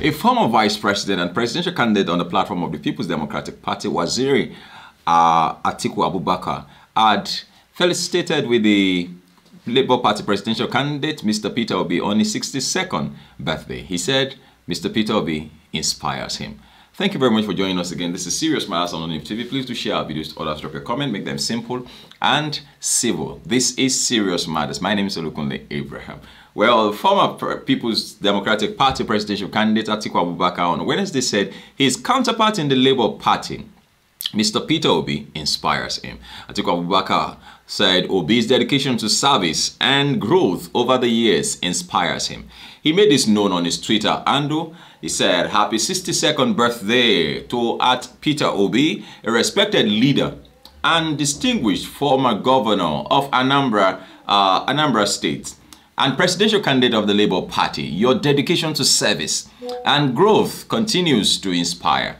A former vice president and presidential candidate on the platform of the People's Democratic Party, Waziri uh, Atiku Abubakar, had felicitated with the Labour Party presidential candidate, Mr. Peter Obi, on his 62nd birthday. He said, Mr. Peter Obi inspires him. Thank you very much for joining us again. This is Serious Matters on Unif TV. Please do share our videos to others. Drop your comment, make them simple and civil. This is Serious Matters. My name is Olukunle Abraham. Well, former People's Democratic Party presidential candidate Atiku Abubakar on Wednesday said his counterpart in the Labour Party Mr. Peter Obi inspires him. Atiku Abubakar said Obi's dedication to service and growth over the years inspires him. He made this known on his Twitter handle. He said, happy 62nd birthday to at Peter Obi, a respected leader and distinguished former governor of Anambra, uh, Anambra State and presidential candidate of the Labour Party. Your dedication to service and growth continues to inspire.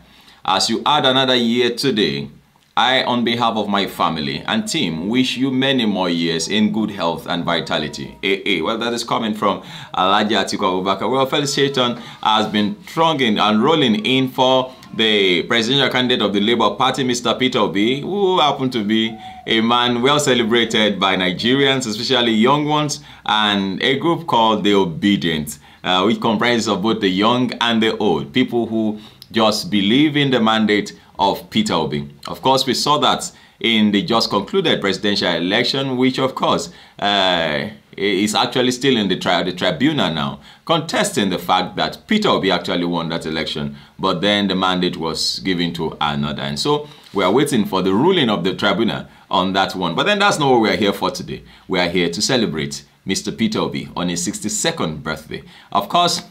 As you add another year today, I, on behalf of my family and team, wish you many more years in good health and vitality. AA. Eh, eh, well, that is coming from Alaji Atiku Abubakar. Well, Felicitation has been thronging and rolling in for the presidential candidate of the Labour Party, Mr. Peter Obi, who happened to be a man well celebrated by Nigerians, especially young ones, and a group called the Obedient, uh, which comprises of both the young and the old, people who just believe in the mandate of Peter Obi. Of course, we saw that in the just concluded presidential election, which of course uh, is actually still in the trial, the tribunal now, contesting the fact that Peter Obi actually won that election, but then the mandate was given to another. And so we are waiting for the ruling of the tribunal on that one. But then that's not what we are here for today. We are here to celebrate Mr. Peter Obi on his 62nd birthday. Of course,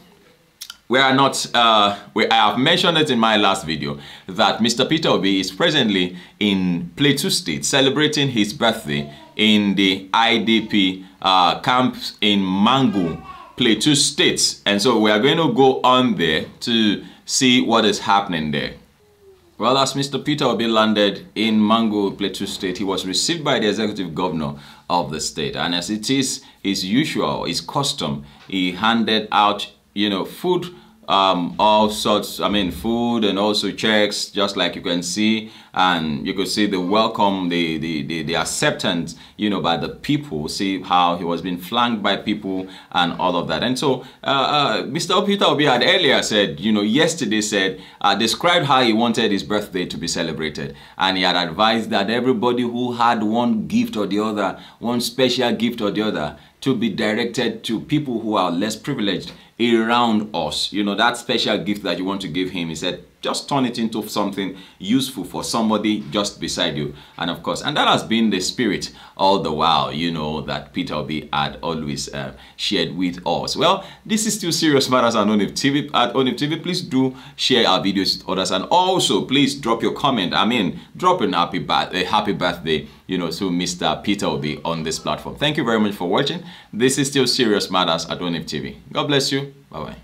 we are not, uh, we, I have mentioned it in my last video, that Mr. Peter Obi is presently in Plateau State celebrating his birthday in the IDP uh, camp in Mangu, Plateau State. And so we are going to go on there to see what is happening there. Well, as Mr. Peter Obi landed in Mango, Plateau State, he was received by the executive governor of the state. And as it is his usual, his custom, he handed out you know, food, um, all sorts, I mean, food and also checks, just like you can see, and you could see the welcome, the, the, the, the acceptance, you know, by the people, see how he was being flanked by people and all of that. And so, uh, uh, Mr. Peter Obi had earlier said, you know, yesterday said, uh, described how he wanted his birthday to be celebrated. And he had advised that everybody who had one gift or the other, one special gift or the other, to be directed to people who are less privileged around us. You know, that special gift that you want to give him, he said, just turn it into something useful for somebody just beside you. And of course, and that has been the spirit all the while, you know, that Peter B had always uh, shared with us. Well, this is still Serious Matters on Onif TV. At Onif TV, please do share our videos with others. And also, please drop your comment. I mean, drop an happy, a happy birthday, you know, to Mr. Peter Obi on this platform. Thank you very much for watching. This is still Serious Matters at Onif TV. God bless you. Bye bah bye.